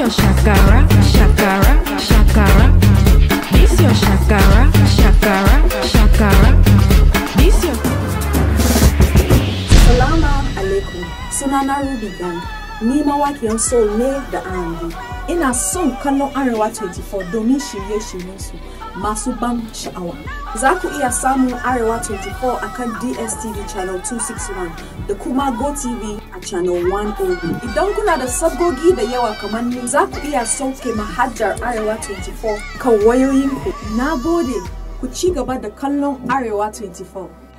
your shakara, shakara, shakara. This your shakara, shakara, shakara. This your. alaikum. ni mawakiyar so ne da R&B ina son kallon arewa 24 domin shirye shirye su masu ban sha'awa za ku iya samun arewa 24 a kan dstv channel 261 da kuma gotv a channel 101 idan kuna da sabgogi da yawa kamar ni za ku iya sauke mahajjar arewa 24 kan wayoyinku na gode ku ci gaba da kallon arewa 24